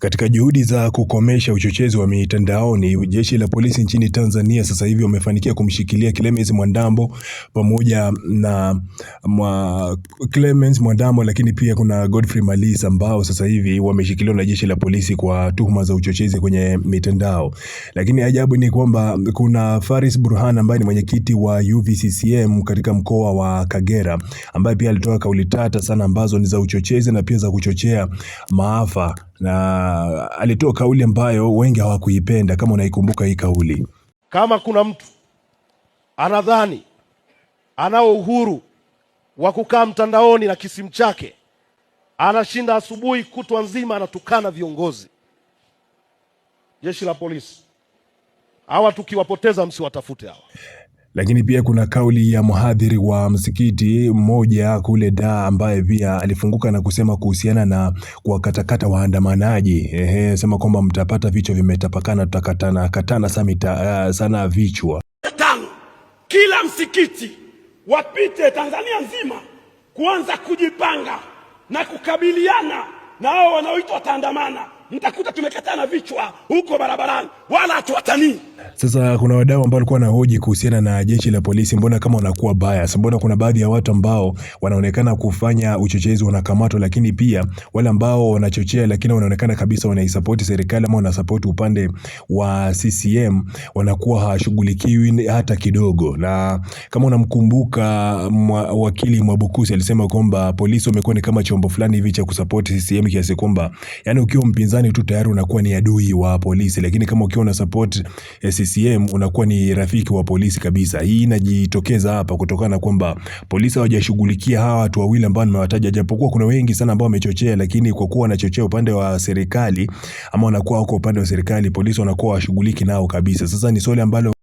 Katika juhudi za kukomesha uchochezi wa mitandaoni, jeshi la polisi nchini Tanzania sasa hivi wamefanikia kumshikilia Clemens Mwandambo pamoja na mwa, Clemens Mwandambo, lakini pia kuna Godfrey Malisa ambao sasa hivi wameshikiliwa na jeshi la polisi kwa tuhuma za uchochezi kwenye mitandao. Lakini ajabu ni kwamba kuna Faris Burhan ambaye ni mwenyekiti wa UVCCM katika mkoa wa Kagera ambaye pia alitoa kauli tata sana ambazo ni za uchochezi na pia za kuchochea maafa na alitoa kauli ambayo wengi hawakuipenda, kama unaikumbuka hii kauli. Kama kuna mtu anadhani anao uhuru wa kukaa mtandaoni na kisimu chake, anashinda asubuhi kutwa nzima anatukana viongozi, jeshi la polisi hawa tukiwapoteza, msiwatafute hawa. Lakini pia kuna kauli ya mhadhiri wa msikiti mmoja kule da ambaye pia alifunguka na kusema kuhusiana na kuwakatakata waandamanaji. Ehe, sema kwamba mtapata vichwa vimetapakana, tutakatana katana samita, uh, eh, sana vichwa tano. Kila msikiti wapite Tanzania nzima kuanza kujipanga na kukabiliana na hao wanaoitwa wataandamana mtakuta tumekatana vichwa huko barabarani, wala hatuwatani. Sasa kuna wadau ambao walikuwa wanahoji kuhusiana na jeshi la polisi, mbona kama wanakuwa bias? Mbona kuna baadhi ya watu ambao wanaonekana kufanya uchochezi wanakamatwa, lakini pia wale ambao wanachochea, lakini wanaonekana kabisa wanaisapoti serikali ama wanasapoti upande wa CCM wanakuwa hawashughulikiwi hata kidogo. Na kama unamkumbuka wakili Mwabukusi alisema kwamba polisi wamekuwa ni kama chombo fulani hivi cha kusapoti CCM kiasi kwamba, yani ukiwa mpinzani upinzani tu tayari unakuwa ni adui wa polisi, lakini kama ukiwa una support eh, CCM unakuwa ni rafiki wa polisi kabisa. Hii inajitokeza hapa kutokana na kwamba polisi hawajashughulikia hawa watu wawili ambao nimewataja, japokuwa kuna wengi sana ambao wamechochea, lakini kwa kuwa wanachochea upande wa serikali ama wanakuwa wako upande wa serikali, polisi wanakuwa washughuliki nao kabisa. Sasa ni swali ambalo